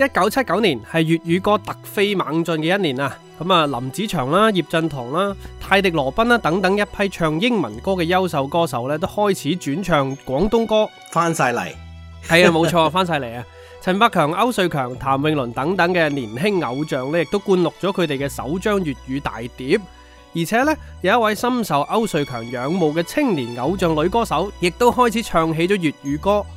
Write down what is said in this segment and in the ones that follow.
一九七九年係粵語歌突飛猛進嘅一年啊！咁啊，林子祥啦、葉振棠啦、泰迪羅賓啦等等一批唱英文歌嘅優秀歌手咧，都開始轉唱廣東歌，翻晒嚟。係 啊，冇錯，翻晒嚟啊！陳百強、歐瑞強、譚詠麟等等嘅年輕偶像咧，亦都灌錄咗佢哋嘅首張粵語大碟。而且呢，有一位深受歐瑞強仰慕嘅青年偶像女歌手，亦都開始唱起咗粵語歌。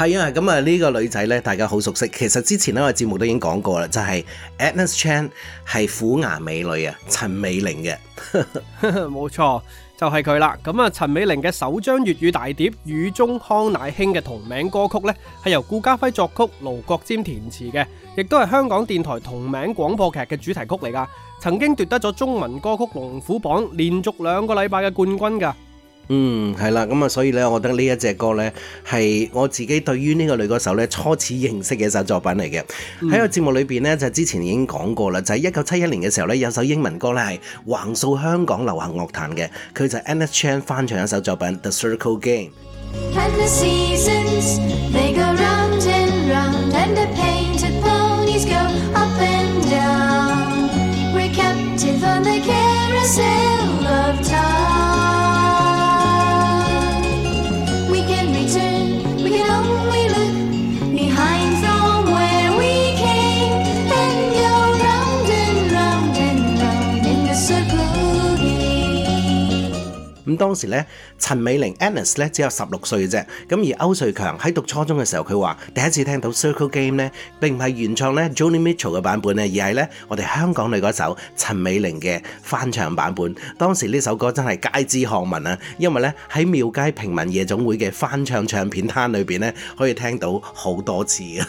係啊，咁啊呢個女仔呢，大家好熟悉。其實之前呢個節目都已經講過啦，就係、是、Agnes Chan 係虎牙美女啊、 就是嗯，陳美齡嘅。冇錯，就係佢啦。咁啊，陳美齡嘅首張粵語大碟《雨中康乃馨》嘅同名歌曲呢，係由顧嘉輝作曲、盧國沾填詞嘅，亦都係香港電台同名廣播劇嘅主題曲嚟噶。曾經奪得咗中文歌曲龍虎榜連續兩個禮拜嘅冠軍㗎。嗯，係啦，咁啊，所以咧，我覺得呢一隻歌呢，係我自己對於呢個女歌手呢，初次認識嘅一首作品嚟嘅。喺、嗯、個節目裏邊呢，就之前已經講過啦，就係一九七一年嘅時候呢，有首英文歌呢，係橫掃香港流行樂壇嘅，佢就 Agnes Chan 翻唱一首作品《The Circle Game》。And the 當時呢陳美齡 Agnes 咧只有十六歲嘅啫，咁而區瑞強喺讀初中嘅時候，佢話第一次聽到《Circle Game》咧，並唔係原創咧 Joni Mitchell 嘅版本而係咧我哋香港女歌手陳美齡嘅翻唱版本。當時呢首歌真係街知巷聞啊，因為咧喺廟街平民夜總會嘅翻唱唱片攤裏面咧，可以聽到好多次啊。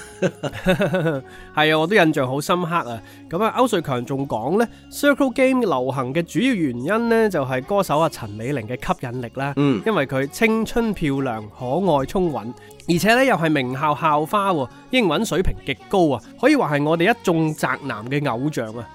係啊，我都印象好深刻啊。咁啊，區瑞強仲講咧《Circle Game》流行嘅主要原因呢，就係歌手阿、啊、陳美齡嘅吸引力啦。嗯，因為佢青春漂亮、可愛聰穎，而且咧又係名校校花，英文水平極高啊，可以話係我哋一眾宅男嘅偶像啊！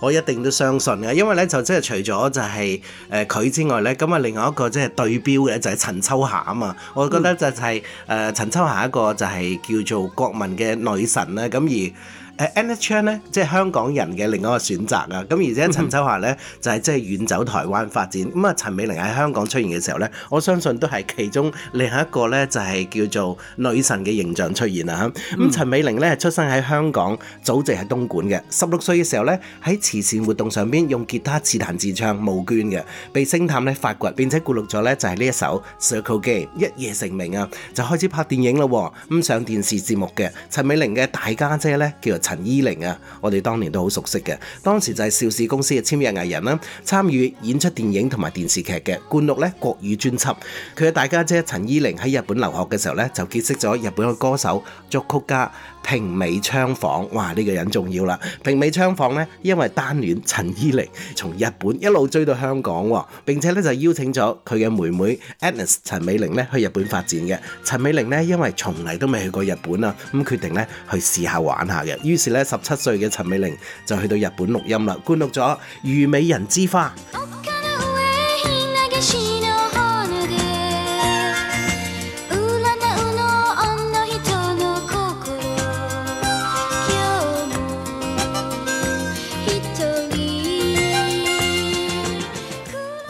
我一定都相信啊，因為咧就即係除咗就係誒佢之外咧，咁啊另外一個即係對標嘅就係陳秋霞啊嘛，我覺得就係誒陳秋霞一個就係叫做國民嘅女神啦，咁而。NH n 咧，即係香港人嘅另一個選擇啊！咁而且陳秋霞咧就係即係遠走台灣發展。咁、嗯、啊，陳美齡喺香港出現嘅時候咧，我相信都係其中另一個咧就係叫做女神嘅形象出現啦嚇。咁、嗯、陳美齡咧出生喺香港，祖籍喺東莞嘅。十六歲嘅時候咧喺慈善活動上邊用吉他自彈自唱募捐嘅，被星探咧發掘，並且記錄咗咧就係呢一首《Circle Game》，一夜成名啊，就開始拍電影啦。咁上電視節目嘅陳美齡嘅大家姐咧叫做。陳依玲啊，我哋當年都好熟悉嘅，當時就係邵氏公司嘅簽約藝人啦，參與演出電影同埋電視劇嘅灌錄咧國語專輯。佢嘅大家姐陳依玲喺日本留學嘅時候咧，就結識咗日本嘅歌手作曲家，平尾昌晃，哇！呢、這個人重要啦。平尾昌晃咧，因為單戀陳依齡，從日本一路追到香港喎。並且咧就邀請咗佢嘅妹妹 Agnes 陳美齡咧去日本發展嘅。陳美齡咧因為從嚟都未去過日本啊，咁、嗯、決定咧去試下玩下嘅。於是咧十七歲嘅陳美齡就去到日本錄音啦，灌錄咗《虞美人之花》。Okay.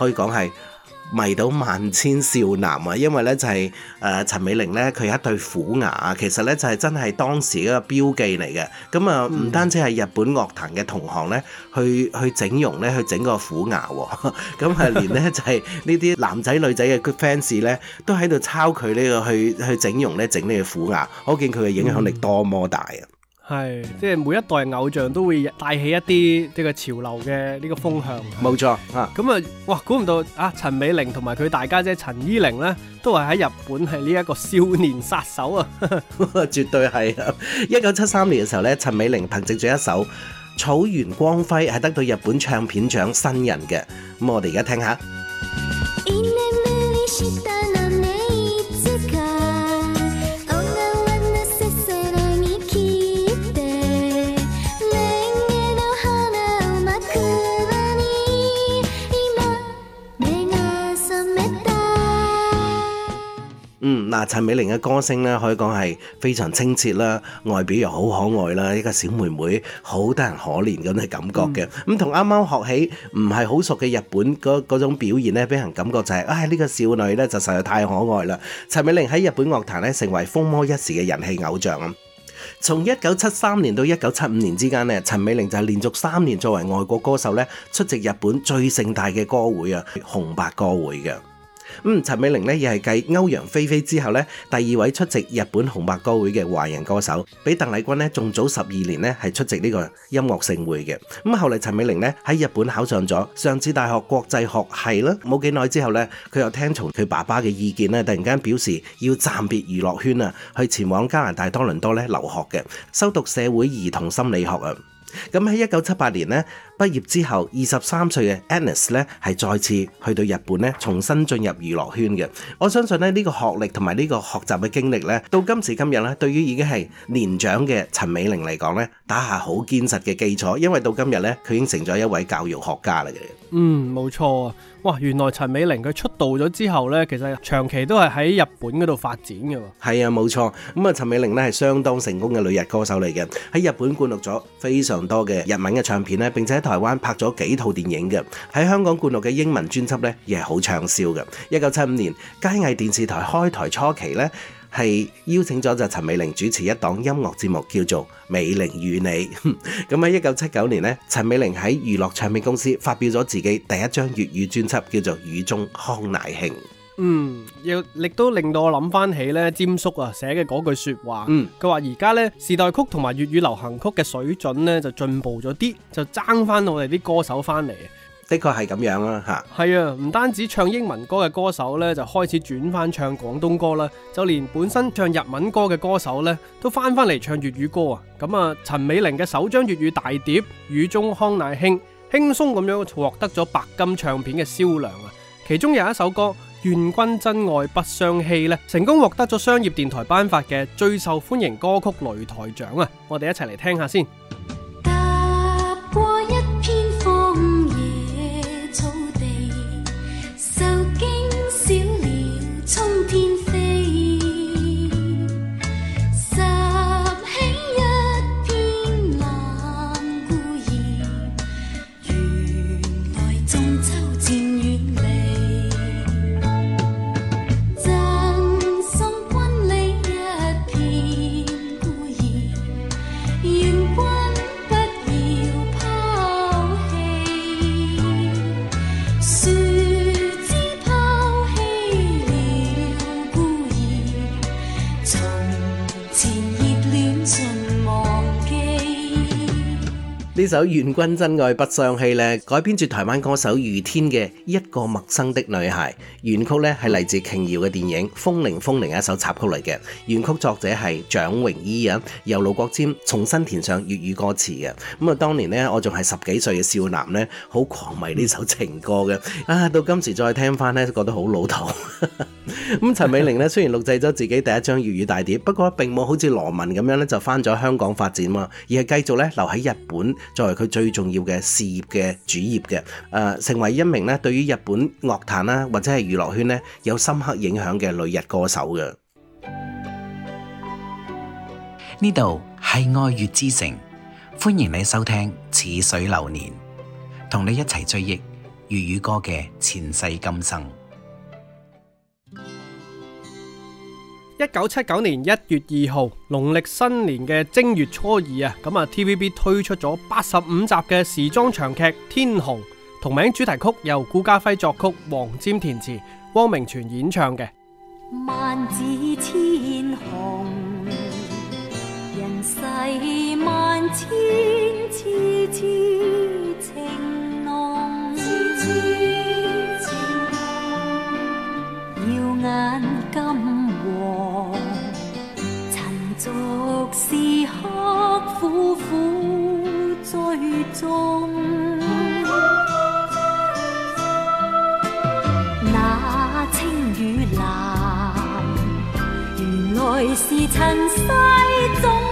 可以講係迷到萬千少男啊，因為咧就係誒陳美齡咧佢一對虎牙，其實咧就係、是、真係當時一個標記嚟嘅。咁啊，唔單止係日本樂壇嘅同行咧，去去整容咧，去整個虎牙，啊，咁啊連咧就係、是、呢啲男仔女仔嘅 fans 咧都喺度抄佢呢、這個去去整容咧，整呢個虎牙。我見佢嘅影響力多麼大啊！係，即係每一代偶像都會帶起一啲呢個潮流嘅呢個風向。冇錯，咁啊就，哇，估唔到啊，陳美齡同埋佢大家姐陳依齡呢，都係喺日本係呢一個少年殺手啊，哈哈 絕對係。一九七三年嘅時候呢，陳美齡憑借咗一首《草原光輝》，係得到日本唱片獎新人嘅。咁我哋而家聽下。嗯，嗱，陳美齡嘅歌聲咧，可以講係非常清澈啦，外表又好可愛啦，一個小妹妹，好得人可憐咁嘅感覺嘅。咁同啱啱學起唔係好熟嘅日本嗰嗰種表現咧，俾人感覺就係，唉，呢個少女咧就實在太可愛啦。陳美齡喺日本樂壇咧成為風魔一時嘅人氣偶像啊！從一九七三年到一九七五年之間咧，陳美齡就係連續三年作為外國歌手咧出席日本最盛大嘅歌會啊，紅白歌會嘅。嗯，陳美齡呢，又係繼歐陽菲菲之後呢，第二位出席日本紅白歌會嘅華人歌手，比鄧麗君呢，仲早十二年呢，係出席呢個音樂盛會嘅。咁後嚟陳美齡呢，喺日本考上咗上次大學國際學系啦，冇幾耐之後呢，佢又聽從佢爸爸嘅意見呢，突然間表示要暫別娛樂圈啊，去前往加拿大多倫多咧留學嘅，修讀社會兒童心理學啊。咁喺一九七八年呢。畢業之後，二十三歲嘅 Agnes 咧係再次去到日本咧，重新進入娛樂圈嘅。我相信咧呢個學歷同埋呢個學習嘅經歷咧，到今時今日咧，對於已經係年長嘅陳美齡嚟講咧，打下好堅實嘅基礎。因為到今日咧，佢已經成咗一位教育學家嚟嘅。嗯，冇錯啊！哇，原來陳美齡佢出道咗之後咧，其實長期都係喺日本嗰度發展嘅。係啊，冇錯。咁、嗯、啊，陳美齡咧係相當成功嘅旅日歌手嚟嘅，喺日本灌錄咗非常多嘅日文嘅唱片咧，並且台灣拍咗幾套電影嘅，喺香港灌錄嘅英文專輯咧，亦係好暢銷嘅。一九七五年，佳藝電視台開台初期咧，係邀請咗就陳美齡主持一檔音樂節目，叫做《美齡與你》。咁喺一九七九年咧，陳美齡喺娛樂唱片公司發表咗自己第一張粵語專輯，叫做《雨中康乃馨》。嗯，又亦都令到我諗翻起咧，詹叔啊，寫嘅嗰句說話，嗯，佢話而家咧時代曲同埋粵語流行曲嘅水準咧就進步咗啲，就爭翻我哋啲歌手翻嚟。的確係咁樣啦，吓，係啊，唔單止唱英文歌嘅歌手咧，就開始轉翻唱廣東歌啦，就連本身唱日文歌嘅歌手咧，都翻翻嚟唱粵語歌啊。咁啊，陳美齡嘅首張粵語大碟《雨中康乃馨》，輕鬆咁樣獲得咗白金唱片嘅銷量啊，其中有一首歌。願君真愛不相欺呢，成功獲得咗商業電台頒發嘅最受歡迎歌曲擂台獎啊！我哋一齊嚟聽下先。呢首《願君真愛不相欺》呢，改編自台灣歌手余天嘅《一個陌生的女孩》。原曲呢係嚟自瓊瑤嘅電影《風鈴風鈴》一首插曲嚟嘅。原曲作者係蔣榮依啊，由盧國沾重新填上粵語歌詞嘅。咁啊，當年呢，我仲係十幾歲嘅少男呢，好狂迷呢首情歌嘅。啊，到今時再聽翻呢，覺得好老土。咁 陳美玲呢，雖然錄製咗自己第一張粵語大碟，不過並冇好似羅文咁樣呢，就翻咗香港發展嘛，而係繼續呢，留喺日本。作為佢最重要嘅事業嘅主業嘅，誒、呃，成為一名咧，對於日本樂壇啦或者係娛樂圈咧有深刻影響嘅女日歌手嘅。呢度係愛粵之城，歡迎你收聽《似水流年》，同你一齊追憶粵語歌嘅前世今生。一九七九年一月二號，農曆新年嘅正月初二啊，咁啊 TVB 推出咗八十五集嘅時裝長劇《天虹》，同名主題曲由顧嘉輝作曲、黃霑填詞、汪明荃演唱嘅。萬紫千紅，人世萬千痴痴情濃，耀眼金。逐是刻苦苦追蹤，那青與藍，原來是塵世中。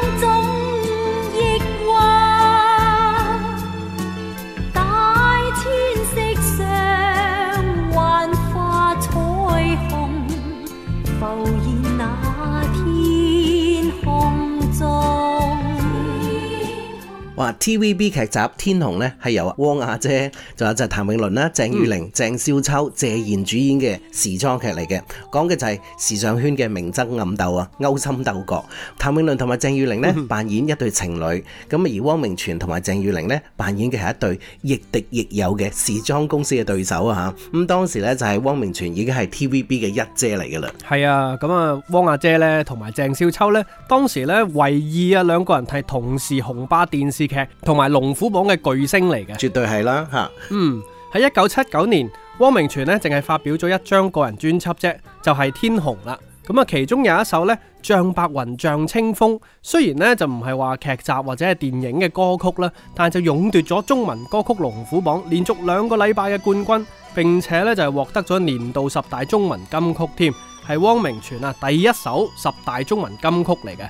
哇！TVB 劇集《天虹》咧係由汪阿姐，仲有就係譚詠麟啦、鄭裕玲、鄭、嗯、少秋、謝賢主演嘅時裝劇嚟嘅，講嘅就係時尚圈嘅明爭暗鬥啊，勾心鬥角。譚詠麟同埋鄭裕玲呢、嗯、扮演一對情侶，咁而汪明荃同埋鄭裕玲呢扮演嘅係一對亦敵亦友嘅時裝公司嘅對手啊！咁、嗯、當時咧就係汪明荃已經係 TVB 嘅一姐嚟噶啦。係啊，咁啊汪阿姐呢同埋鄭少秋呢，當時呢唯二啊兩個人係同時紅霸電視同埋龍虎榜嘅巨星嚟嘅，絕對係啦吓。嗯，喺一九七九年，汪明荃咧淨係發表咗一張個人專輯啫，就係《天虹》啦。咁啊，其中有一首呢，《像白雲像清風》，雖然呢就唔係話劇集或者係電影嘅歌曲啦，但就勇奪咗中文歌曲龍虎榜連續兩個禮拜嘅冠軍，並且呢就係獲得咗年度十大中文金曲添，係汪明荃啊第一首十大中文金曲嚟嘅。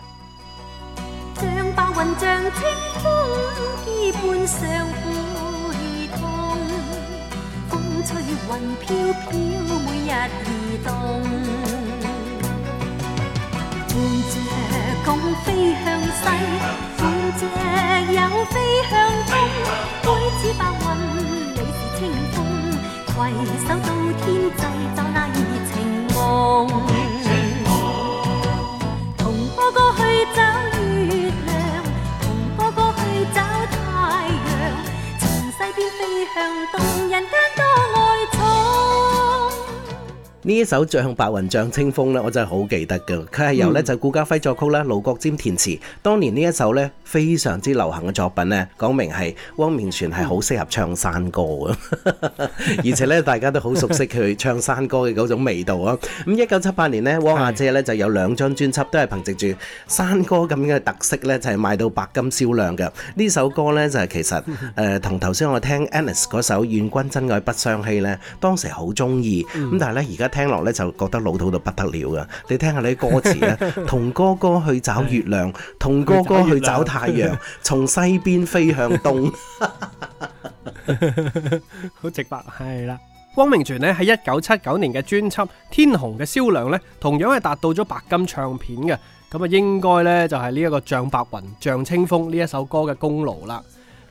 像白雲，像清風，基本上會痛。風吹雲飄飄，每日移動。伴着共飛向西，伴着又飛向東。我似白雲，你是清風，攜手到天際就，就那熱情夢。呢一首《像白雲像清風》咧，我真係好記得㗎，佢係由咧就顧嘉輝作曲咧，盧國沾填詞。當年呢一首非常之流行嘅作品咧，講明係汪明荃係好適合唱山歌嘅，嗯、 而且咧大家都好熟悉佢唱山歌嘅嗰種味道啊！咁一九七八年咧，汪阿姐咧就有兩張專輯都係憑借住山歌咁嘅特色咧，就係、是、賣到白金銷量嘅。呢首歌咧就係、是、其實誒、呃、同頭先我聽 Agnes 首《願君真愛不相欺》咧，當時好中意咁，但係咧而家聽落咧就覺得老土到不得了嘅。你聽下你啲歌詞咧， 同哥哥去找月亮，同哥哥去找太。太陽從西邊飛向東 ，好 直白係啦。汪明荃呢喺一九七九年嘅專輯《天虹》嘅銷量呢，同樣係達到咗白金唱片嘅。咁啊，應該呢就係呢一個像白雲、像清風呢一首歌嘅功勞啦。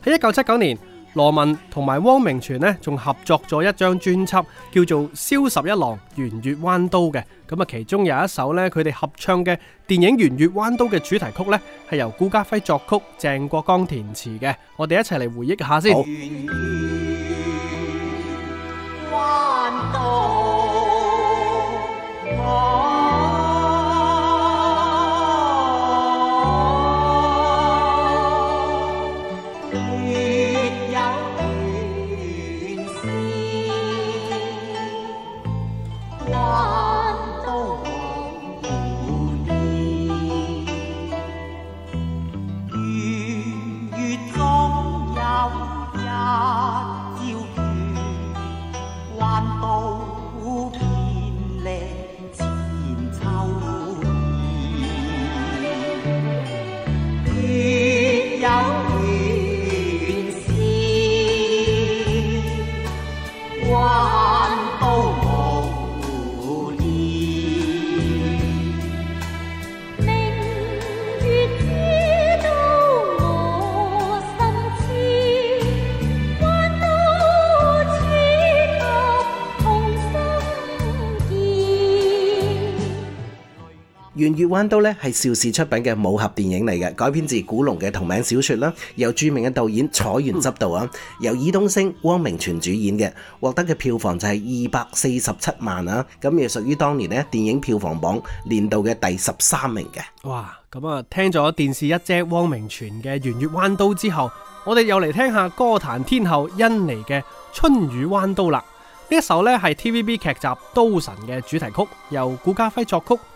喺一九七九年。羅文同埋汪明荃咧，仲合作咗一張專輯，叫做《蕭十一郎·圓月彎刀》嘅。咁啊，其中有一首咧，佢哋合唱嘅電影《圓月彎刀》嘅主題曲咧，係由顧嘉輝作曲、鄭國江填詞嘅。我哋一齊嚟回憶一下先。《圓月彎刀》咧係邵氏出品嘅武俠電影嚟嘅，改編自古龍嘅同名小說啦，由著名嘅導演楚原執導啊，由爾冬陞、汪明荃主演嘅，獲得嘅票房就係二百四十七萬啊，咁亦屬於當年呢電影票房榜年度嘅第十三名嘅。哇，咁啊聽咗電視一姐汪明荃嘅《圓月彎刀》之後，我哋又嚟聽下歌壇天后甄妮嘅《春雨彎刀》啦。呢一首咧係 TVB 劇集《刀神》嘅主題曲，由顧家輝作曲。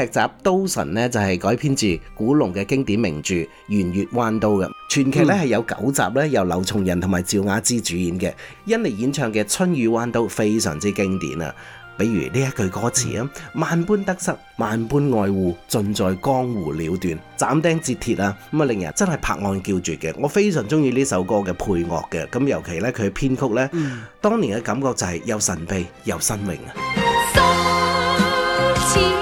劇集《刀神》呢，就係改編自古龍嘅經典名著《圓月彎刀》嘅，全劇咧係有九集咧，由劉松仁同埋趙雅芝主演嘅。甄妮演唱嘅《春雨彎刀》非常之經典啊，比如呢一句歌詞啊：萬般得失，萬般愛護，盡在江湖了斷，斬釘截鐵啊，咁啊令人真係拍案叫絕嘅。我非常中意呢首歌嘅配樂嘅，咁尤其呢，佢嘅編曲呢，當年嘅感覺就係又神秘又新穎啊。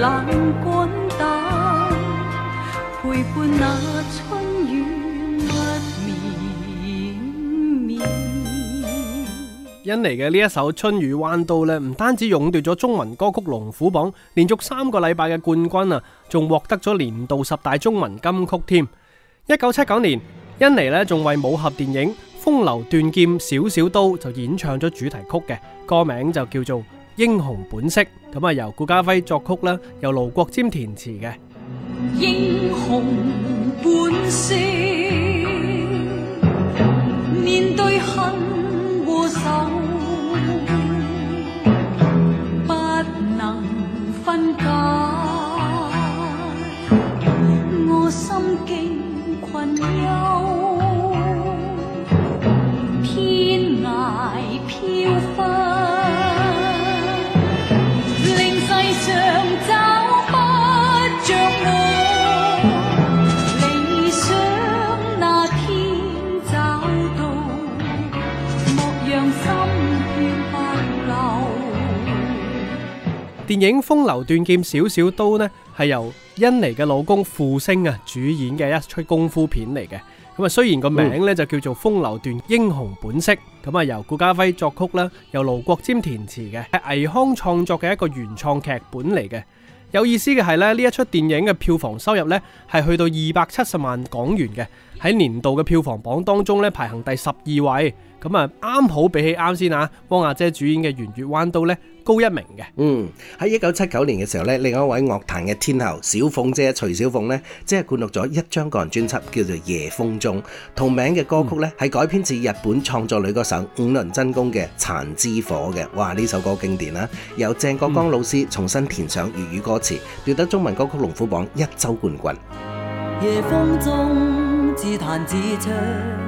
冷陪伴那春雨綿綿。甄妮嘅呢一首《春雨彎刀》呢，唔單止勇奪咗中文歌曲龍虎榜連續三個禮拜嘅冠軍啊，仲獲得咗年度十大中文金曲添。一九七九年，甄妮呢仲為武俠電影《風流斷劍小小刀》就演唱咗主題曲嘅歌名就叫做。英雄本色，咁啊由顧嘉輝作曲啦，由盧國沾填詞嘅。英雄本色》。電影《風流斷劍小小刀》呢，係由甄妮嘅老公傅聲啊主演嘅一齣功夫片嚟嘅。咁啊，雖然個名呢就叫做《風流斷英雄本色》，咁啊由顧嘉輝作曲啦，由盧國沾填詞嘅，係倪匡創作嘅一個原創劇本嚟嘅。有意思嘅係咧，呢一齣電影嘅票房收入呢係去到二百七十萬港元嘅，喺年度嘅票房榜當中呢排行第十二位。咁啊，啱好比起啱先啊，汪阿姐主演嘅《圓月彎刀》咧高一名嘅。嗯，喺一九七九年嘅時候咧，另外一位樂壇嘅天后小鳳姐徐小鳳呢，即係灌錄咗一張個人專輯，叫做《夜風中》。同名嘅歌曲咧，係改編自日本創作女歌手五輪真弓嘅《殘之火》嘅。哇，呢首歌經典啦，由鄭國江老師重新填上粵語歌詞，奪得中文歌曲龍虎榜一周冠軍。夜風中，自彈自唱。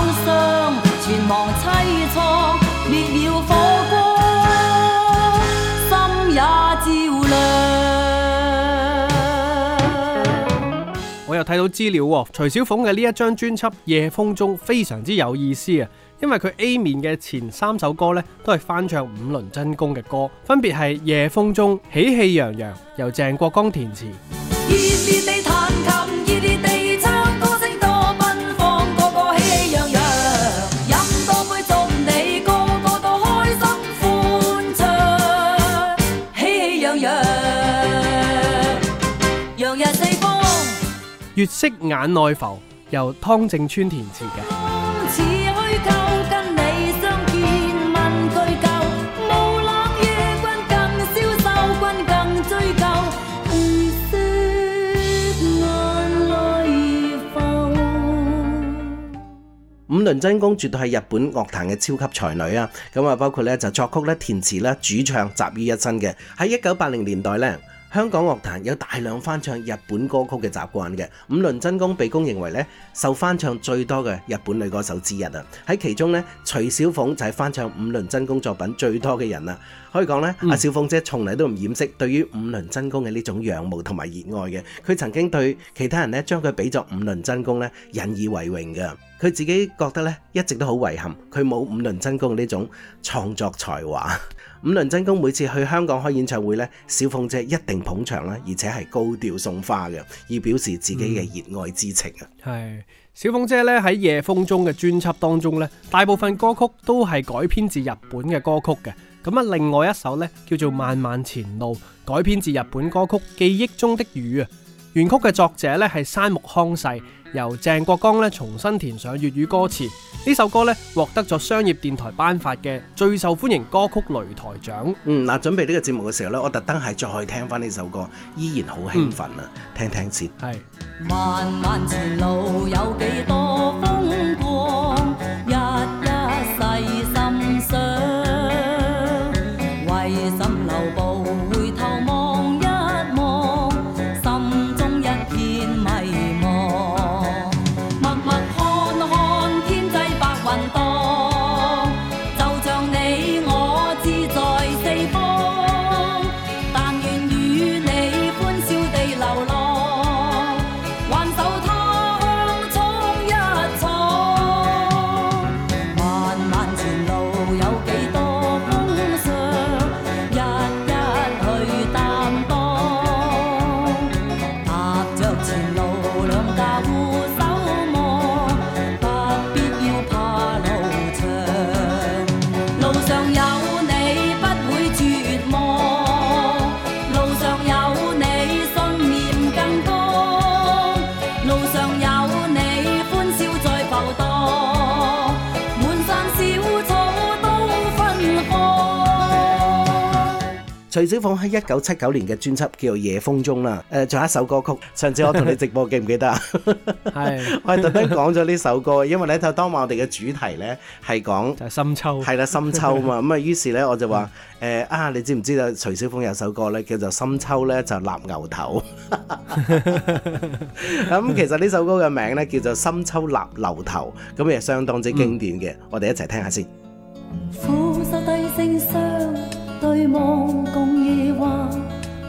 睇到資料，徐小鳳嘅呢一張專輯《夜風中》非常之有意思啊，因為佢 A 面嘅前三首歌呢，都係翻唱五輪真弓嘅歌，分別係《夜風中》、《喜氣洋洋》，由鄭國江填詞。 月色眼內浮，由湯正川填詞嘅。五輪真弓絕對係日本樂壇嘅超級才女啊！咁啊，包括呢就作曲呢填詞啦、主唱集於一身嘅。喺一九八零年代呢。香港樂壇有大量翻唱日本歌曲嘅習慣嘅，五輪真弓被公認為受翻唱最多嘅日本女歌手之一啊！喺其中咧，徐小鳳就係翻唱五輪真弓作品最多嘅人啦。可以講咧，阿小鳳姐從嚟都唔掩飾對於五輪真弓嘅呢種仰慕同埋熱愛嘅。佢曾經對其他人咧將佢比作五輪真弓咧引以為榮嘅。佢自己覺得咧一直都好遺憾，佢冇五輪真弓呢種創作才華。五輪真弓每次去香港開演唱會咧，小鳳姐一定捧場啦，而且係高調送花嘅，以表示自己嘅熱愛之情啊。係小鳳姐咧喺《夜風中》嘅專輯當中咧，大部分歌曲都係改編自日本嘅歌曲嘅。咁啊，另外一首叫做《漫漫前路》，改編自日本歌曲《記憶中的雨》啊。原曲嘅作者咧係山木康世，由鄭國江重新填上粵語歌詞。呢首歌咧獲得咗商業電台頒發嘅最受歡迎歌曲擂台獎。嗯，嗱，準備呢個節目嘅時候咧，我特登係再去聽翻呢首歌，依然好興奮啊、嗯！聽聽先。係。漫漫徐小鳳喺一九七九年嘅專輯叫做《夜風中》啦，誒，仲有一首歌曲，上次我同你直播記唔記得啊？係，我係特登講咗呢首歌，因為咧就當晚我哋嘅主題咧係講深秋，係啦深秋嘛，咁啊於是咧我就話誒啊，你知唔知道徐小鳳有首歌咧叫做《深秋咧就立樓頭》，咁其實呢首歌嘅名咧叫做《深秋立樓頭》，咁亦相當之經典嘅，我哋一齊聽下先。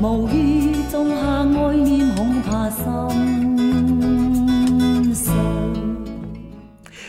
無意種下愛念，恐怕心碎。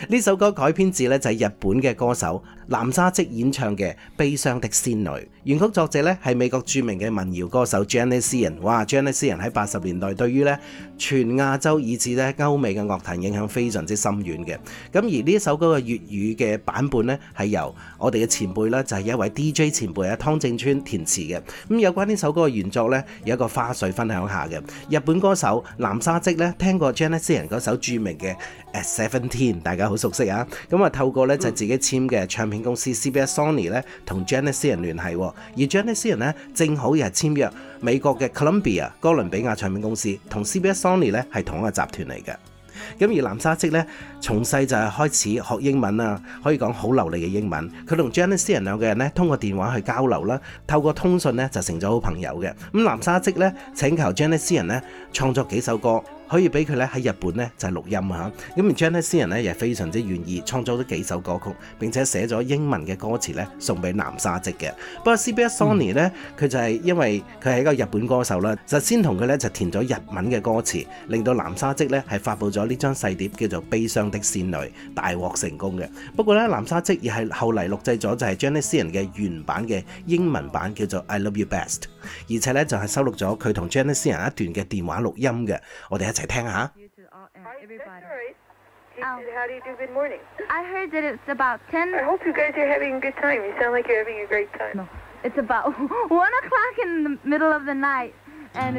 呢首歌改編自呢就係日本嘅歌手，南沙織演唱嘅《悲傷的仙女》，原曲作者咧係美國著名嘅民謠歌手 Janis Ian。哇 Janis Ian 喺八十年代對於咧全亞洲以至咧歐美嘅樂壇影響非常之深遠嘅。咁而呢一首歌嘅粵語嘅版本咧係由我哋嘅前輩咧就係一位 DJ 前輩啊湯正川填詞嘅。咁有關呢首歌嘅原作咧有一個花絮分享下嘅。日本歌手南沙織咧聽過 Janis Ian 嗰首著名嘅 Seventeen 大家好熟悉啊，咁啊透過咧就自己簽嘅唱片公司 CBS Sony 咧，同 Janis Ian 聯繫，而 Janis Ian 咧正好又係簽約美國嘅 Columbia 哥倫比亞唱片公司，同 CBS Sony 咧係同一個集團嚟嘅。咁而南沙織咧從細就係開始學英文啊，可以講好流利嘅英文。佢同 Janis Ian 兩個人咧通過電話去交流啦，透過通訊咧就成咗好朋友嘅。咁南沙織咧請求 Janis Ian 咧創作幾首歌。可以俾佢咧喺日本咧就係錄音啊嚇，咁而將呢詩人 Janis Ian 咧亦非常之願意創造咗幾首歌曲，並且寫咗英文嘅歌詞咧送俾南沙織嘅。不過 CBS Sony 咧、嗯、佢就係因為佢係一個日本歌手啦，就先同佢咧就填咗日文嘅歌詞，令到南沙織咧係發布咗呢張細碟叫做《悲傷的仙女》，大獲成功嘅。不過咧南沙織亦係後嚟錄製咗就係 Janis Ian 嘅原版嘅英文版叫做《I Love You Best》。而且呢，就係收錄咗佢同 Janis Ian 一段嘅電話錄音嘅，我哋一齊聽下。Hi,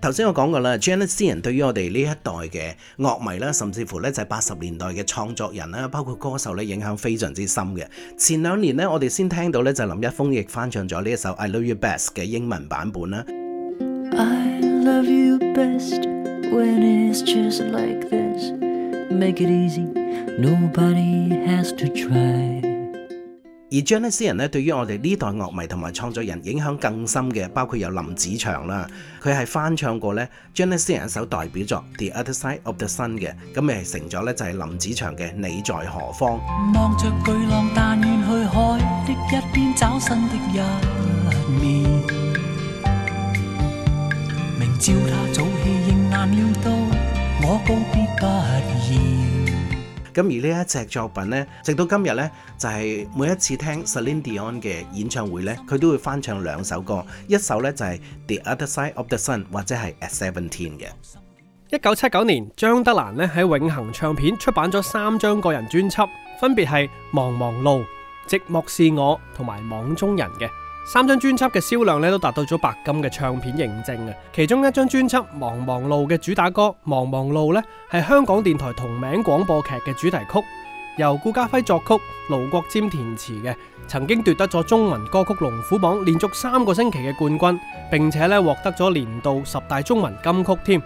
頭先我講過啦，Janis Ian 對於我哋呢一代嘅樂迷啦，甚至乎呢就係八十年代嘅創作人啦，包括歌手呢，影響非常之深嘅。前兩年呢，我哋先聽到呢就林一峰亦翻唱咗呢一首 I Love You Best 嘅英文版本啦。Nobody has to try 而張呢詩人呢，對於我哋呢代樂迷同埋創作人影響更深嘅，包括有林子祥啦，佢係翻唱過咧張呢詩 n 一首代表作《The Other Side of the Sun》嘅，咁咪成咗呢，就係林子祥嘅《你在何方》。望着巨浪，但願去海的一邊找新的一面。明朝他早起仍難料到我告別不易。咁而呢一隻作品咧，直到今日咧，就係、是、每一次聽 Celine Dion 嘅演唱會咧，佢都會翻唱兩首歌，一首呢就係、是《The Other Side of the Sun》或者係《At Seventeen》嘅。一九七九年，張德蘭咧喺永恆唱片出版咗三張個人專輯，分別係《茫茫路》、《寂寞是我》同埋《網中人》嘅。三張專輯嘅銷量咧都達到咗白金嘅唱片認證啊！其中一張專輯《茫茫路》嘅主打歌《茫茫路》咧係香港電台同名廣播劇嘅主題曲，由顧嘉輝作曲、盧國沾填詞嘅，曾經奪得咗中文歌曲龍虎榜連續三個星期嘅冠軍，並且咧獲得咗年度十大中文金曲添。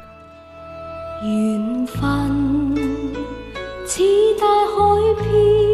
緣分似大海邊。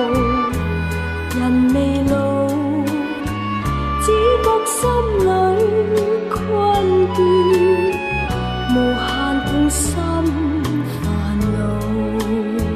痛心煩惱。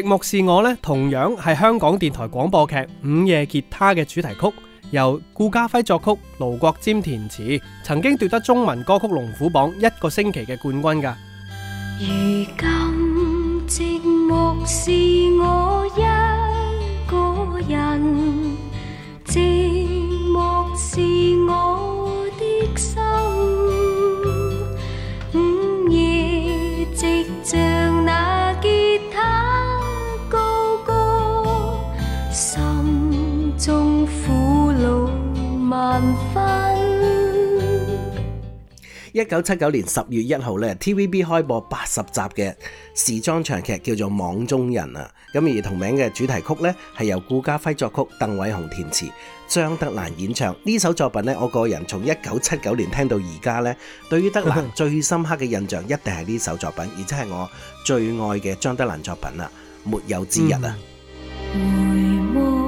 寂寞是我呢，同樣係香港電台廣播劇《午夜結他》嘅主題曲，由顧嘉煇作曲，盧國沾填詞，曾經奪得中文歌曲龍虎榜一個星期嘅冠軍噶。如今寂寞是我一個人，寂寞是我的心，午夜即將。一九七九年十月一號呢 TVB 開播八十集嘅時裝長劇叫做《網中人》啊。咁而同名嘅主題曲呢，係由顧嘉輝作曲，鄧偉雄填詞，張德蘭演唱。呢首作品呢，我個人從一九七九年聽到而家呢，對於德蘭最深刻嘅印象一定係呢首作品，而且係我最愛嘅張德蘭作品啊，《沒有之一》啊、嗯。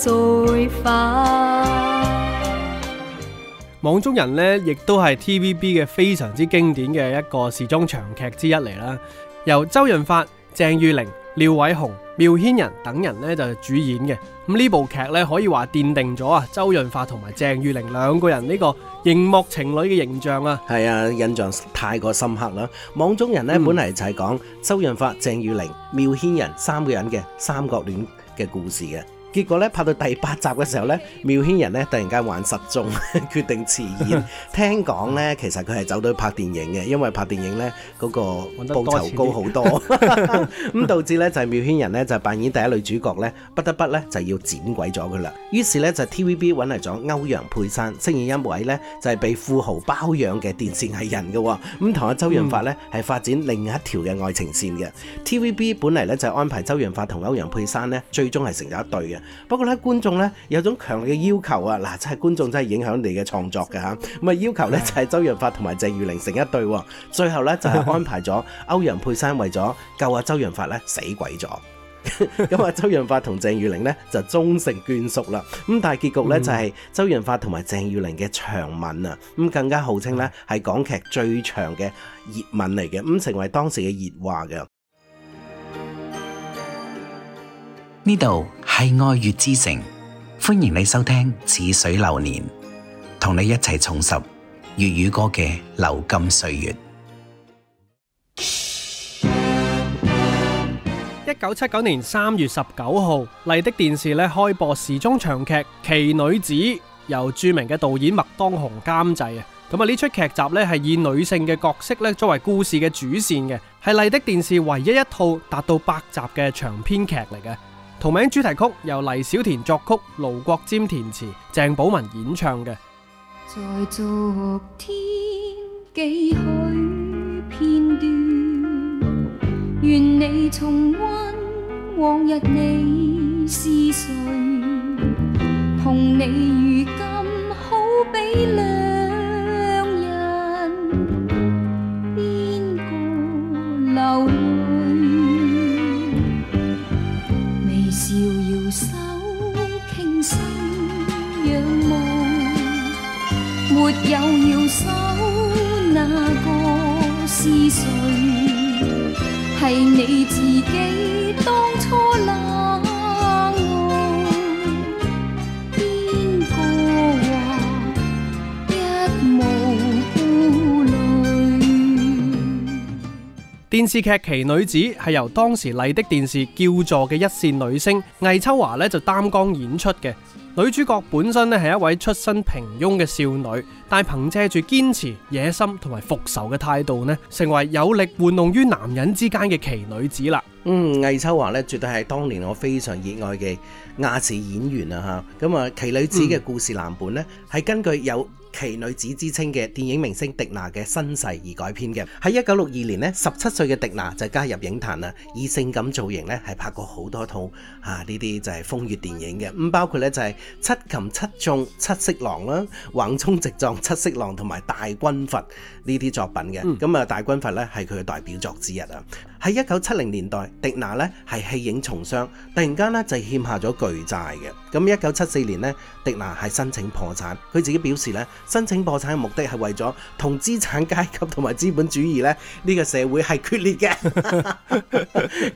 《網中人》呢，亦都係 TVB 嘅非常之經典嘅一個時裝長劇之一嚟啦。由周潤發、鄭裕玲、廖偉雄、繆騫人等人呢，就是、主演嘅。咁呢部劇呢，可以話奠定咗啊，周潤發同埋鄭裕玲兩個人呢個熒幕情侶嘅形象啊。係啊，印象太過深刻啦。《網中人》呢，嗯、本嚟就係講周潤發、鄭裕玲、繆騫人三個人嘅三角戀嘅故事嘅。結果咧，拍到第八集嘅時候咧，繆騫人，咧突然間玩失蹤，決定辭演。 聽講咧，其實佢係走咗去拍電影嘅，因為拍電影咧嗰個報酬高好多。咁 導致咧就係繆騫人咧就扮演第一女主角咧，不得不咧就要剪鬼咗佢啦。於是咧就 T V B 揾嚟咗歐陽佩珊飾演一位咧就係被富豪包養嘅電視藝人嘅。咁同阿周潤發咧係發展另一條嘅愛情線嘅。 T V B 本嚟咧就係安排周潤發同歐陽佩珊咧最終係成咗一對嘅。不過咧，觀眾咧有種強烈嘅要求啊！嗱，真係觀眾真係影響你嘅創作嘅吓，咁啊要求咧就係周潤發同埋鄭裕玲成一對，最後咧就係安排咗歐陽佩珊為咗救阿周潤發咧死鬼咗，咁 啊周潤發同鄭裕玲咧就終成眷屬啦。咁但係結局咧就係周潤發同埋鄭裕玲嘅長吻啊，咁更加號稱咧係港劇最長嘅熱吻嚟嘅，咁成為當時嘅熱話嘅。呢度係愛粵之城，歡迎你收聽《似水流年》，同你一齊重拾粵語歌嘅流金歲月。一九七九年三月十九號，麗的電視咧開播時裝長劇《奇女子》，由著名嘅導演麥當雄監製啊。咁啊，呢出劇集咧係以女性嘅角色咧作為故事嘅主線嘅，係麗的電視唯一一套達到百集嘅長篇劇嚟嘅。同名主題曲由黎小田作曲，盧國沾填詞，鄭寶雯演唱嘅。在昨天，幾許片段，願你重溫往日你是誰，同你如今好比兩人，邊個留？又要那個是誰，係你自己當初冷愛，邊個話一無顧慮？電視劇《奇女子》係由當時麗的電視叫座嘅一線女星魏秋華呢，就擔綱演出嘅。女主角本身咧係一位出身平庸嘅少女，但係憑借住堅持、野心同埋復仇嘅態度呢，成為有力玩弄於男人之間嘅奇女子啦。嗯，魏秋華呢，絕對係當年我非常熱愛嘅亞視演員啊！吓咁啊，奇女子嘅故事藍本呢，係根據有。奇女子之稱嘅電影明星狄娜嘅身世而改編嘅，喺一九六二年呢，十七歲嘅狄娜就加入影壇啦，以性感造型呢，係拍過好多套啊呢啲就係風月電影嘅，咁包括呢就係七擒七縱七色狼啦，橫衝直撞七色狼同埋大軍閥呢啲作品嘅，咁啊大軍閥呢係佢嘅代表作之一啊、嗯嗯。喺一九七零年代，狄娜咧係棄影從商，突然間咧就欠下咗巨債嘅。咁一九七四年呢，狄娜係申請破產，佢自己表示咧，申請破產嘅目的係為咗同資產階級同埋資本主義咧呢個社會係決裂嘅。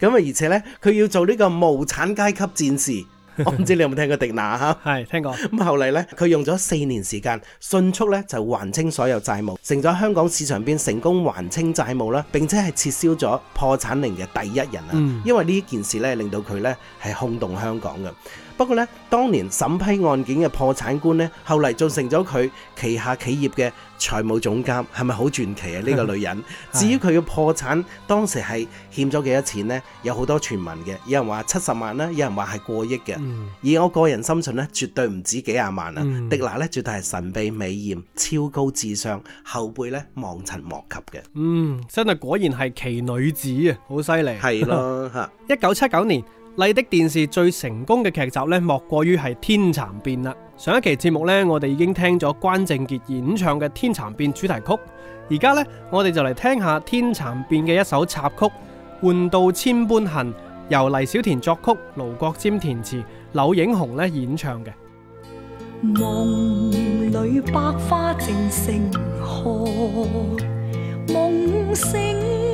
咁啊，而且咧，佢要做呢個無產階級戰士。 我唔知你有冇聽過狄娜吓？係聽過。咁 後嚟呢佢用咗四年時間，迅速呢就還清所有債務，成咗香港市場邊成功還清債務啦，並且係撤銷咗破產令嘅第一人啊。因為呢件事呢令到佢呢係轟動香港嘅。不過咧，當年審批案件嘅破產官咧，後嚟仲成咗佢旗下企業嘅財務總監，係咪好傳奇啊？呢個女人，至於佢嘅破產，當時係欠咗幾多錢呢？有好多傳聞嘅，有人話七十萬啦，有人話係過億嘅。以、嗯、我個人深信，咧，絕對唔止幾廿萬啊！嗯、狄娜咧，絕對係神秘美艷、超高智商、後輩咧望塵莫及嘅。嗯，真係果然係奇女子啊，好犀利。係 是咯，吓，一九七九年。麗的電視最成功嘅劇集呢，莫過於係《天蠶變》啦。上一期節目呢，我哋已經聽咗關正傑演唱嘅《天蠶變》主題曲，而家呢，我哋就嚟聽下《天蠶變》嘅一首插曲《換到千般恨》，由黎小田作曲、盧國沾填詞、柳影虹呢演唱嘅。夢裏百花正盛開，夢醒。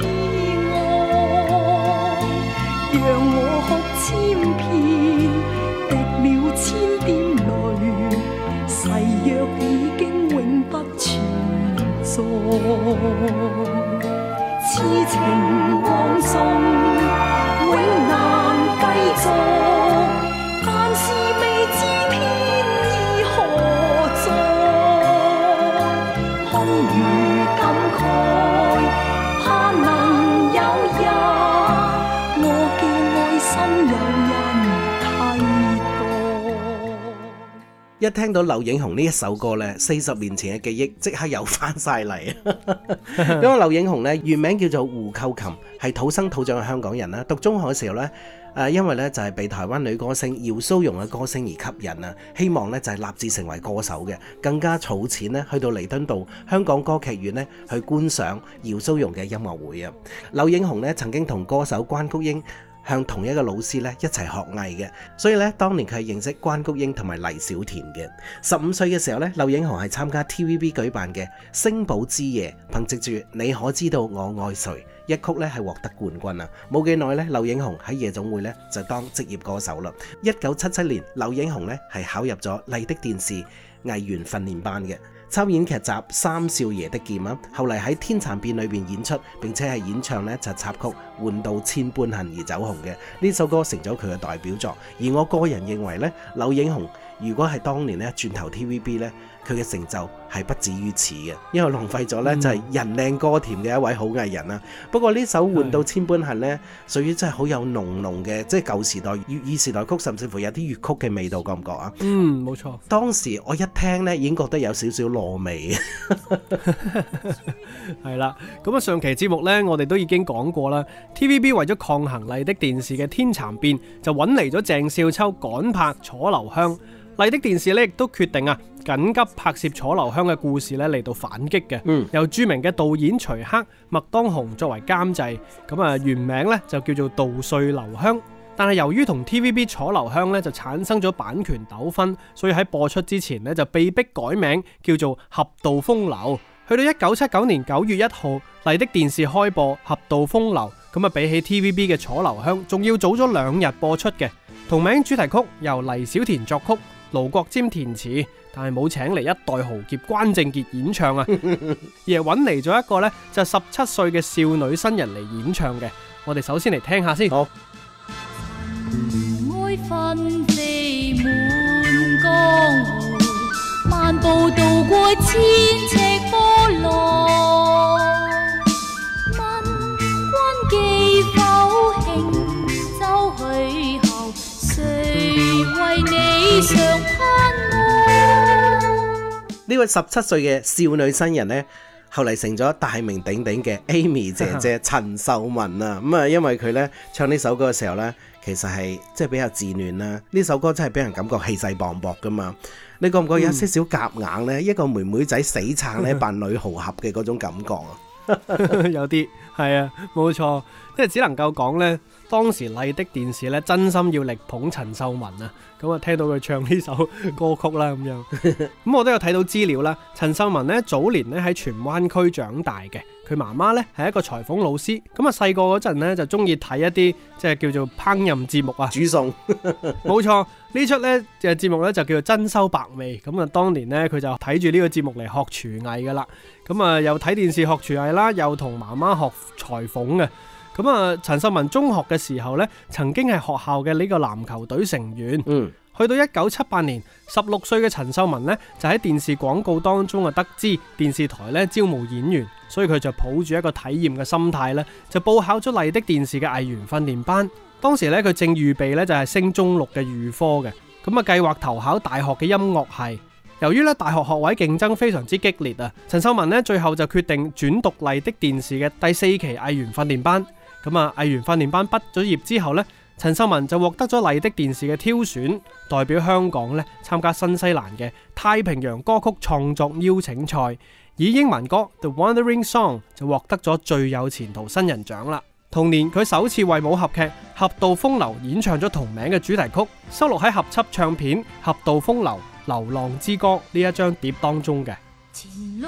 讓我哭千遍，滴了千點淚，誓約已經永不存在，痴情枉送，永難繼續。一聽到柳影虹呢一首歌呢，四十年前嘅記憶即刻又翻晒嚟。因啊，柳影虹呢，原名叫做胡寇琴，係土生土長嘅香港人啦。讀中學嘅時候呢，誒因為呢就係被台灣女歌星姚蘇蓉嘅歌聲而吸引啊，希望呢就係立志成為歌手嘅，更加儲錢咧去到彌敦道香港歌劇院呢去觀賞姚蘇蓉嘅音樂會啊。柳影虹呢曾經同歌手關菊英向同一個老師咧一齊學藝嘅，所以咧當年佢係認識關菊英同埋黎小田嘅。十五歲嘅時候咧，柳影虹係參加 TVB 舉辦嘅星寶之夜，憑藉住《你可知道我愛誰》一曲咧係獲得冠軍啊！冇幾耐咧，柳影虹喺夜總會咧就當職業歌手啦。一九七七年，柳影虹咧係考入咗麗的電視藝員訓練班嘅。參演劇集《三少爺的劍》啊，後嚟喺《天蠶變》裏邊演出，並且係演唱呢就插曲《換到千般恨》而走紅嘅，呢首歌，成咗佢嘅代表作。而我個人認為呢柳影虹如果係當年咧轉投 TVB 佢嘅成就係不止於此嘅，因為浪費咗呢就係人靚歌甜嘅一位好藝人啦。嗯、不過呢首《換到千般恨》呢，屬於真係好有濃濃嘅即係舊時代粵語時代曲，甚至乎有啲粵曲嘅味道，覺唔覺啊？嗯，冇錯。當時我一聽呢，已經覺得有少少糯味。係 啦， 咁啊上期節目呢，我哋都已經講過啦。TVB 為咗抗衡麗的電視嘅《天蠶變》，就揾嚟咗鄭少秋趕拍楚留香。麗的電視咧，亦都決定啊，緊急拍攝楚留香嘅故事咧，嚟到反擊嘅。嗯，由著名嘅導演徐克、麥當雄作為監製。咁啊，原名咧就叫做《盜帥留香》，但係由於同 TVB《楚留香》咧就產生咗版權糾紛，所以喺播出之前咧就被迫改名叫做《俠盜風流》。去到一九七九年九月一號，麗的電視開播《俠盜風流》，咁啊比起 TVB 嘅《楚留香》仲要早咗兩日播出嘅。同名主題曲由黎小田作曲，盧國沾填詞，但係冇請嚟一代豪傑關正傑演唱啊， 而係揾嚟咗一個呢，就十七歲嘅少女新人嚟演唱嘅。我哋首先嚟聽下先。好。分地滿江漫步渡過千尺波浪。」呢位十七歲嘅少女新人呢，後嚟成咗大名鼎鼎嘅 Amy 姐姐 陳秀雯啊！咁啊，因為佢呢唱呢首歌嘅時候呢，其實係即係比較自戀啦。呢首歌真係俾人感覺氣勢磅礴噶嘛？你覺唔覺有些少夾硬呢，嗯、一個妹妹仔死撐呢扮女豪俠嘅嗰種感覺 是啊？有啲係啊，冇錯。即係只能夠講呢，當時麗的電視咧，真心要力捧陳秀雯啊。咁、嗯、啊，聽到佢唱呢首歌曲啦，咁樣咁、 嗯、我都有睇到資料啦。陳秀雯呢，早年咧喺荃灣區長大嘅，佢媽媽呢，係一個裁縫老師。咁啊細個嗰陣咧就中意睇一啲即係叫做烹飪節目啊，煮餸冇錯呢出咧嘅節目呢，呢就叫做《珍饈百味》。咁啊，當年呢，佢就睇住呢個節目嚟學廚藝噶啦。咁啊又睇電視學廚藝啦，又同媽媽學裁縫嘅。咁啊，陳秀雯中學嘅時候呢，曾經係學校嘅呢個籃球隊成員。嗯，去到一九七八年，十六歲嘅陳秀雯呢，就喺電視廣告當中啊，得知電視台咧招募演員，所以佢就抱住一個體驗嘅心態呢，就報考咗麗的電視嘅藝員訓練班。當時呢，佢正預備呢就係、是、升中六嘅預科嘅，咁啊計劃投考大學嘅音樂系。由於呢大學學位競爭非常之激烈啊，陳秀雯呢，最後就決定轉讀麗的電視嘅第四期藝員訓練班。咁啊，藝員訓練班畢咗業之後咧，陳秀雯就獲得咗麗的電視嘅挑選，代表香港咧參加新西蘭嘅太平洋歌曲創作邀請賽，以英文歌《The Wandering Song》就獲得咗最有前途新人獎啦。同年，佢首次為武俠劇《俠盜風流》演唱咗同名嘅主題曲，收錄喺合輯唱片《俠盜風流：流浪之歌》呢一張碟當中嘅。前路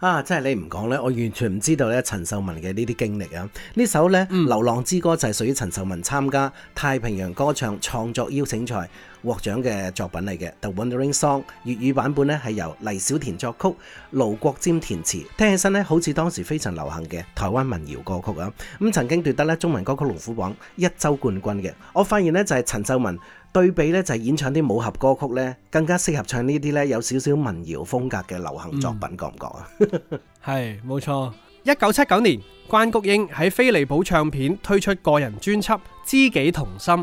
啊！真係你唔講呢，我完全唔知道咧。陳秀雯嘅呢啲經歷啊，呢首呢《流浪之歌》就係屬於陳秀雯參加太平洋歌唱創作邀請賽獲獎嘅作品嚟嘅。The Wandering Song 粵語版本呢係由黎小田作曲，盧國沾填詞，聽起身呢好似當時非常流行嘅台灣民謠歌曲啊。咁曾經奪得咧中文歌曲龍虎榜一周冠軍嘅，我發現呢就係陳秀雯。對比咧，就係演唱啲武俠歌曲咧，更加適合唱呢啲咧有少少民謠風格嘅流行作品，嗯，覺唔覺啊？係 冇錯，一九七九年關菊英喺飛利浦唱片推出個人專輯《知己同心》，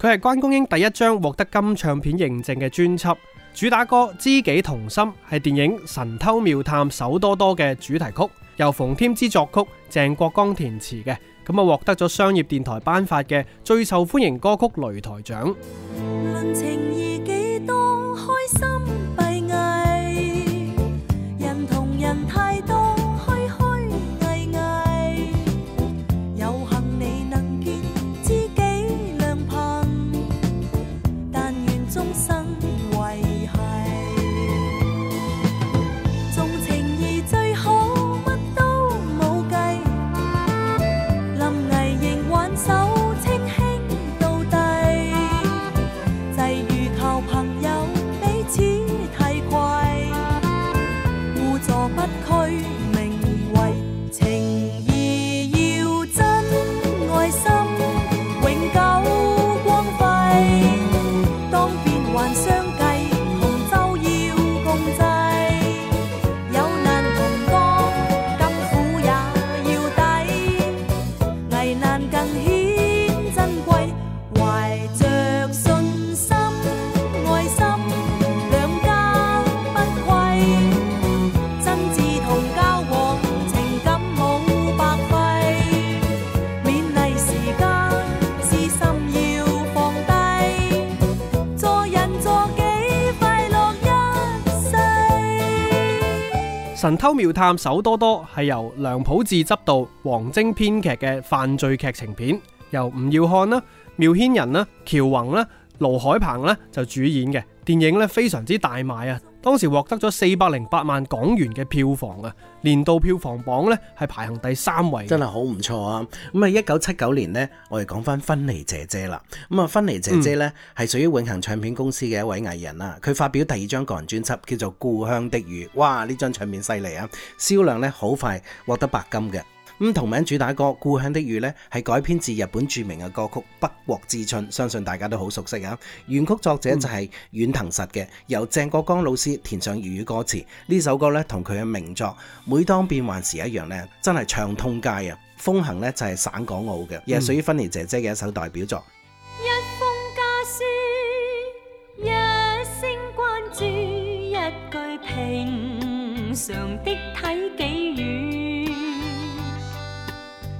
佢係關菊英第一張獲得金唱片認證嘅專輯，主打歌《知己同心》係電影《神偷妙探手多多》嘅主題曲，由馮添之作曲、鄭國江填詞嘅。咁啊，獲得咗商業電台頒發嘅最受歡迎歌曲擂台獎。神偷妙探手多多，係由梁普智執導、王晶編劇嘅犯罪劇情片，由吳耀漢啦、繆騫人啦、喬宏啦、盧海鵬啦就主演嘅電影咧，非常之大賣啊！當時獲得咗四百零八萬港元嘅票房啊，年度票房榜咧係排行第三位的，真係好唔錯啊！咁啊，一九七九年呢，我哋講翻薰妮姐姐啦。咁啊，薰妮姐姐咧係、嗯、屬於永恆唱片公司嘅一位藝人啦。佢發表第二張個人專輯叫做《故鄉的雨》，哇！呢張唱片犀利啊，銷量咧好快獲得白金嘅。咁同名主打歌《故鄉的雨》呢，係改編自日本著名嘅歌曲《北國之春》，相信大家都好熟悉啊。原曲作者就係遠藤實嘅、嗯，由鄭國江老師填上粵語歌詞。呢首歌呢，同佢嘅名作《每當變幻時》一樣呢，真係唱通街啊！風行呢，就係省港澳嘅，亦係屬於薰妮姐姐嘅一首代表作。一封家書，一聲關注，一句平常的體。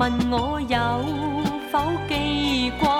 問我有否記掛？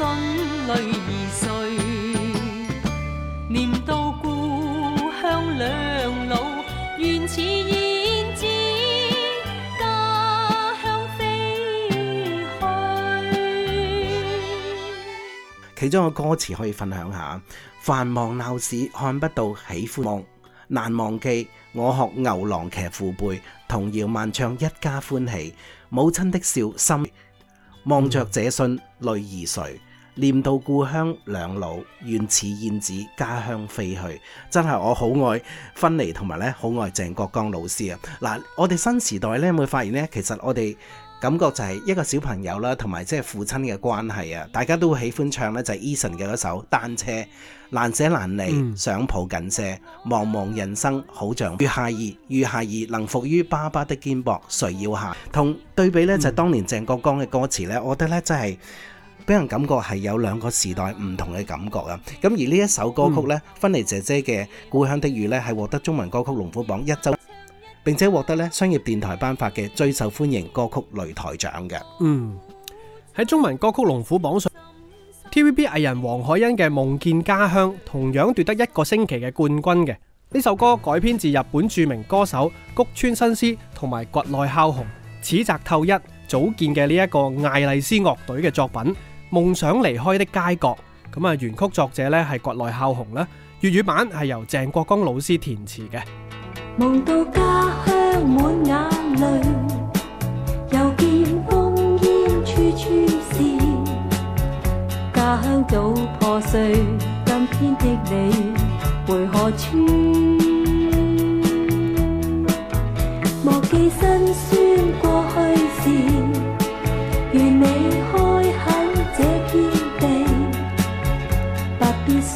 其中嘅歌詞可以分享下：繁忙鬧市看不到喜歡望，難忘記我學牛郎騎父背，童謠漫唱一家歡喜，母親的笑心，望着這信淚兒垂。念到故鄉兩老，願似燕子家鄉飛去。真係我好愛薰妮，同埋咧好愛鄭國江老師啊！嗱，我哋新時代咧會發現咧，其實我哋感覺就係一個小朋友啦，同埋即係父親嘅關係啊！大家都會喜歡唱咧，就係 Eason 嘅嗰首《單車》，難捨難離，mm. 想抱緊些，茫茫人生好像。雨下兒，雨下兒，能伏於爸爸的肩膊，誰要下？同對比咧，就係當年鄭國江嘅歌詞咧，我覺得咧真係。俾人感覺係有兩個時代唔同嘅感覺啊！咁而呢一首歌曲咧，《薰妮姐姐嘅故鄉的雨》咧，係獲得中文歌曲龍虎榜一周並且獲得咧商業電台頒發嘅最受歡迎歌曲擂台獎嘅。嗯，喺中文歌曲龍虎榜上，TVB 藝人黃愷欣嘅《夢見家鄉》同樣奪得一個星期嘅冠軍嘅。呢首歌改編自日本著名歌手谷村新司同埋堀內孝雄、矢澤透一組建嘅呢一個艾麗絲樂隊嘅作品。夢想離開的街角，咁啊，原曲作者呢係國內孝雄啦，粵語版係由鄭國江老師填詞嘅。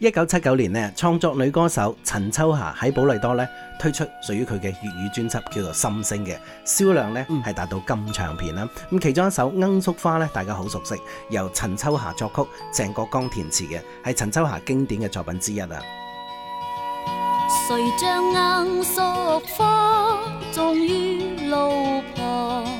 一九七九年呢，創作女歌手陳秋霞喺寶麗多呢推出屬於佢嘅粵語專輯，叫做《心聲》嘅銷量呢係達到金唱片啦。咁、嗯、其中一首《罌粟花》呢，大家好熟悉，由陳秋霞作曲，鄭國江填詞嘅，係陳秋霞經典嘅作品之一啊。誰將罌粟花種於路旁？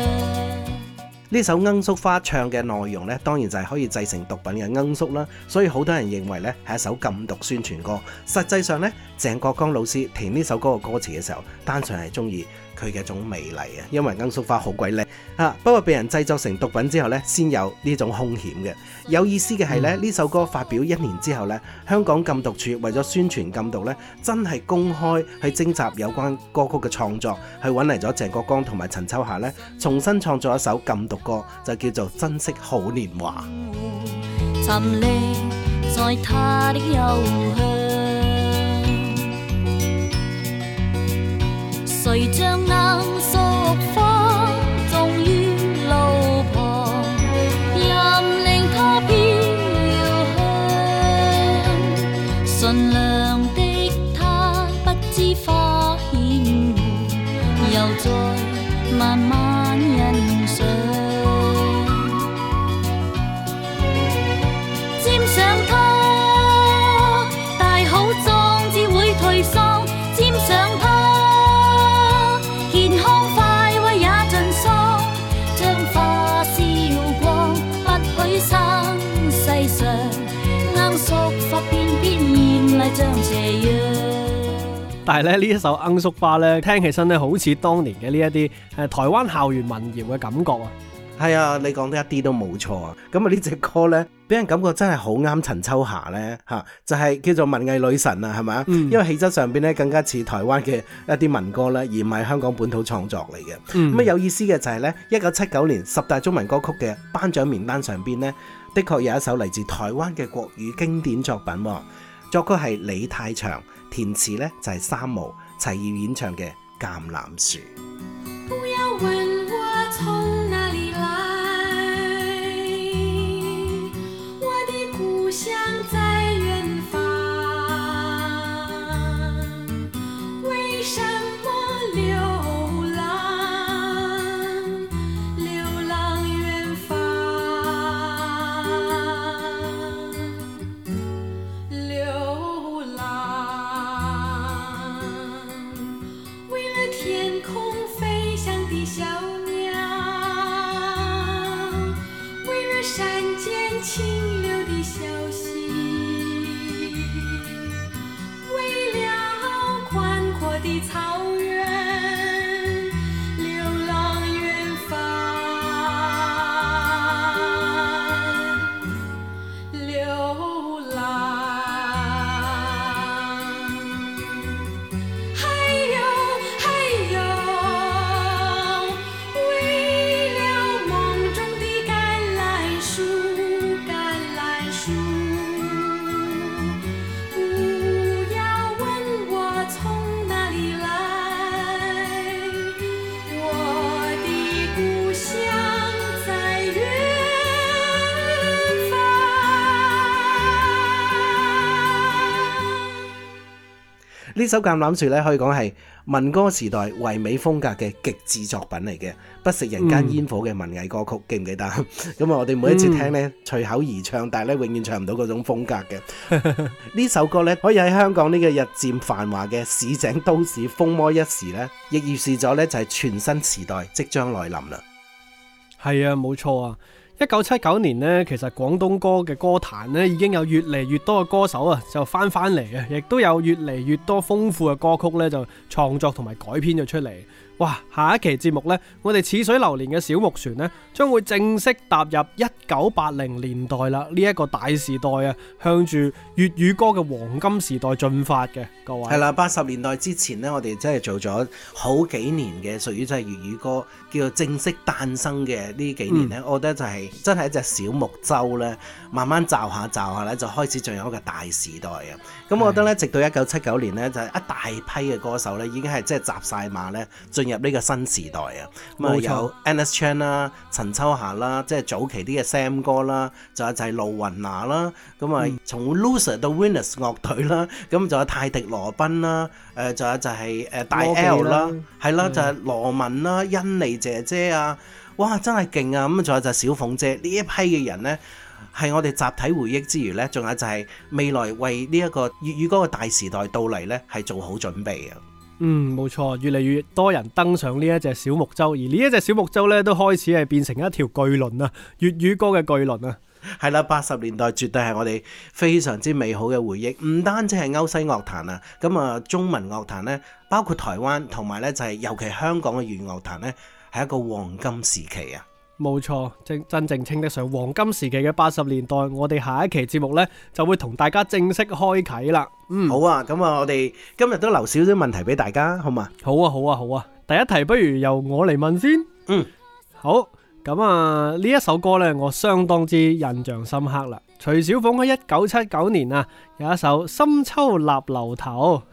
呢首《罌粟花》唱嘅內容咧，當然就係可以製成毒品嘅罌粟啦，所以好多人認為咧係一首禁毒宣傳歌。實際上咧，鄭國江老師填呢首歌嘅歌詞嘅時候，單純係鍾意。佢嘅一種美麗啊，因為罌粟花好鬼靚啊，不過被人製作成毒品之後咧，先有呢種兇險嘅。有意思嘅係咧，呢首歌發表一年之後咧，香港禁毒處為咗宣傳禁毒咧，真係公開去徵集有關歌曲嘅創作，去搵嚟咗鄭國江同埋陳秋霞咧，重新創作一首禁毒歌，就叫做《珍惜好年華》。誰將能贖？係咧，呢一首《罌粟花》咧，聽起身咧好似當年嘅呢一啲誒台灣校園民謠嘅感覺啊！係啊，你講得一啲都冇錯啊！咁啊呢隻歌咧，俾人感覺真係好啱陳秋霞咧吓，就係、是、叫做文藝女神啊，係咪？嗯、因為氣質上邊咧更加似台灣嘅一啲民歌咧，而唔係香港本土創作嚟嘅。咁、嗯、啊有意思嘅就係咧，一九七九年十大中文歌曲嘅頒獎名單上邊咧，的確有一首嚟自台灣嘅國語經典作品，作曲係李泰祥。填詞呢，就係三毛，齊豫演唱嘅《橄欖樹》。呢首《橄欖樹》咧，可以講係民歌時代唯美風格嘅極致作品嚟嘅，不食人間煙火嘅文藝歌曲，嗯、記唔記得？咁啊，我哋每一次聽咧、嗯，隨口而唱，但係咧，永遠唱唔到嗰種風格嘅。呢 首歌咧，可以喺香港呢個日漸繁華嘅市井都市風魔一時咧，亦預示咗咧就係全新時代即將來臨啦。係啊，冇錯啊。一九七九年呢，其實廣東歌嘅歌壇呢已經有越嚟越多嘅歌手啊，就返返嚟啊，亦都有越嚟越多豐富嘅歌曲呢，就創作同埋改編咗出嚟。哇！下一期節目呢，我哋似水流年嘅小木船呢，將會正式踏入一九八零年代啦！呢、這、一個大時代啊，向住粵語歌嘅黃金時代進發嘅各位。係啦，八十年代之前呢，我哋真係做咗好幾年嘅屬於即係粵語歌，叫做正式誕生嘅呢幾年呢、嗯、我覺得就係、是、真係一隻小木舟呢，慢慢棹下棹下呢，就開始進入一個大時代啊！咁我覺得呢，直到一九七九年呢，就係一大批嘅歌手呢，已經係即係集晒碼呢。進。入呢個新時代啊！咁啊有 Agnes Chan 啦、陳秋霞啦，即係早期啲嘅 Sam 哥啦，仲有就係盧雲娜啦。咁、嗯、啊，從 Loser 到 Winners 樂隊啦，咁、嗯、仲有泰迪羅賓 L，啦，誒，仲有就係誒大 L 啦，係啦，就係、是、羅文啦、薰妮姐姐啊，哇，真係勁啊！咁仲有就係小鳳姐呢一批嘅人呢，係我哋集體回憶之餘呢，仲有就係未來為呢、這、一個粵語歌嘅大時代到嚟呢，係做好準備啊！嗯，冇錯，越嚟越多人登上呢一隻小木舟，而呢一隻小木舟咧都開始係變成一條巨輪啊！粵語歌嘅巨輪啊，係啦，八十年代絕對係我哋非常之美好嘅回憶，唔單止係歐西樂壇啊，咁啊中文樂壇呢，包括台灣同埋呢，還有就係尤其香港嘅粵語樂壇呢，係一個黃金時期啊！冇錯，真真正稱得上黃金時期嘅八十年代。我哋下一期節目咧，就會同大家正式開啓啦。嗯，好啊，咁啊，我哋今日都留少少問題俾大家，好嘛？好啊，好啊，好啊。第一題，不如由我嚟問先。嗯，好。咁啊，呢一首歌咧，我相當之印象深刻啦。徐小鳳喺一九七九年啊，有一首《深秋立樓頭》，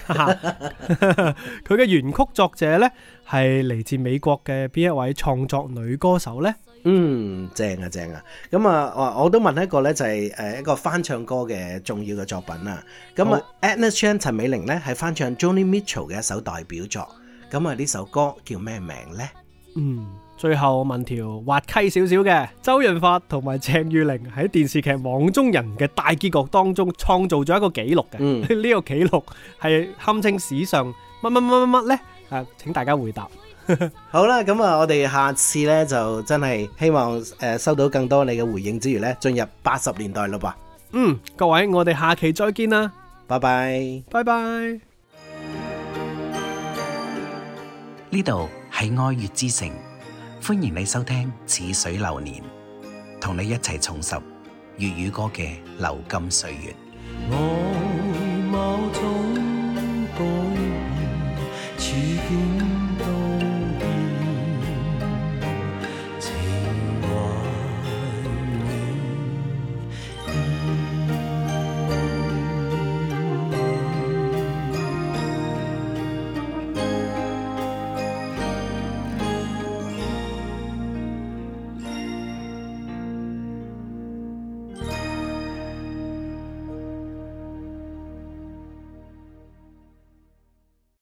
佢嘅原曲作者咧，係嚟自美國嘅邊一位創作女歌手咧？嗯，正啊，正啊，咁啊，我我都問一個咧，就係誒一個翻唱歌嘅重要嘅作品啦。咁啊，Agnes Chan 陳美齡咧係翻唱 Johnny Mitchell 嘅一首代表作。咁啊，呢首歌叫咩名呢？嗯，最後問條滑稽少少嘅，周潤發同埋鄭裕玲喺電視劇《網中人》嘅大結局當中創造咗一個紀錄嘅。呢、嗯呢個紀錄係堪稱史上乜乜乜乜乜呢？啊，請大家回答。好啦，咁啊，我哋下次呢就真係希望誒收到更多你嘅回應之餘呢，進入八十年代咯噃。嗯，各位，我哋下期再見啦，拜拜，拜拜。呢度係愛粵之城，歡迎你收聽《似水流年》，同你一齊重拾粵語歌嘅流金歲月。我冇做。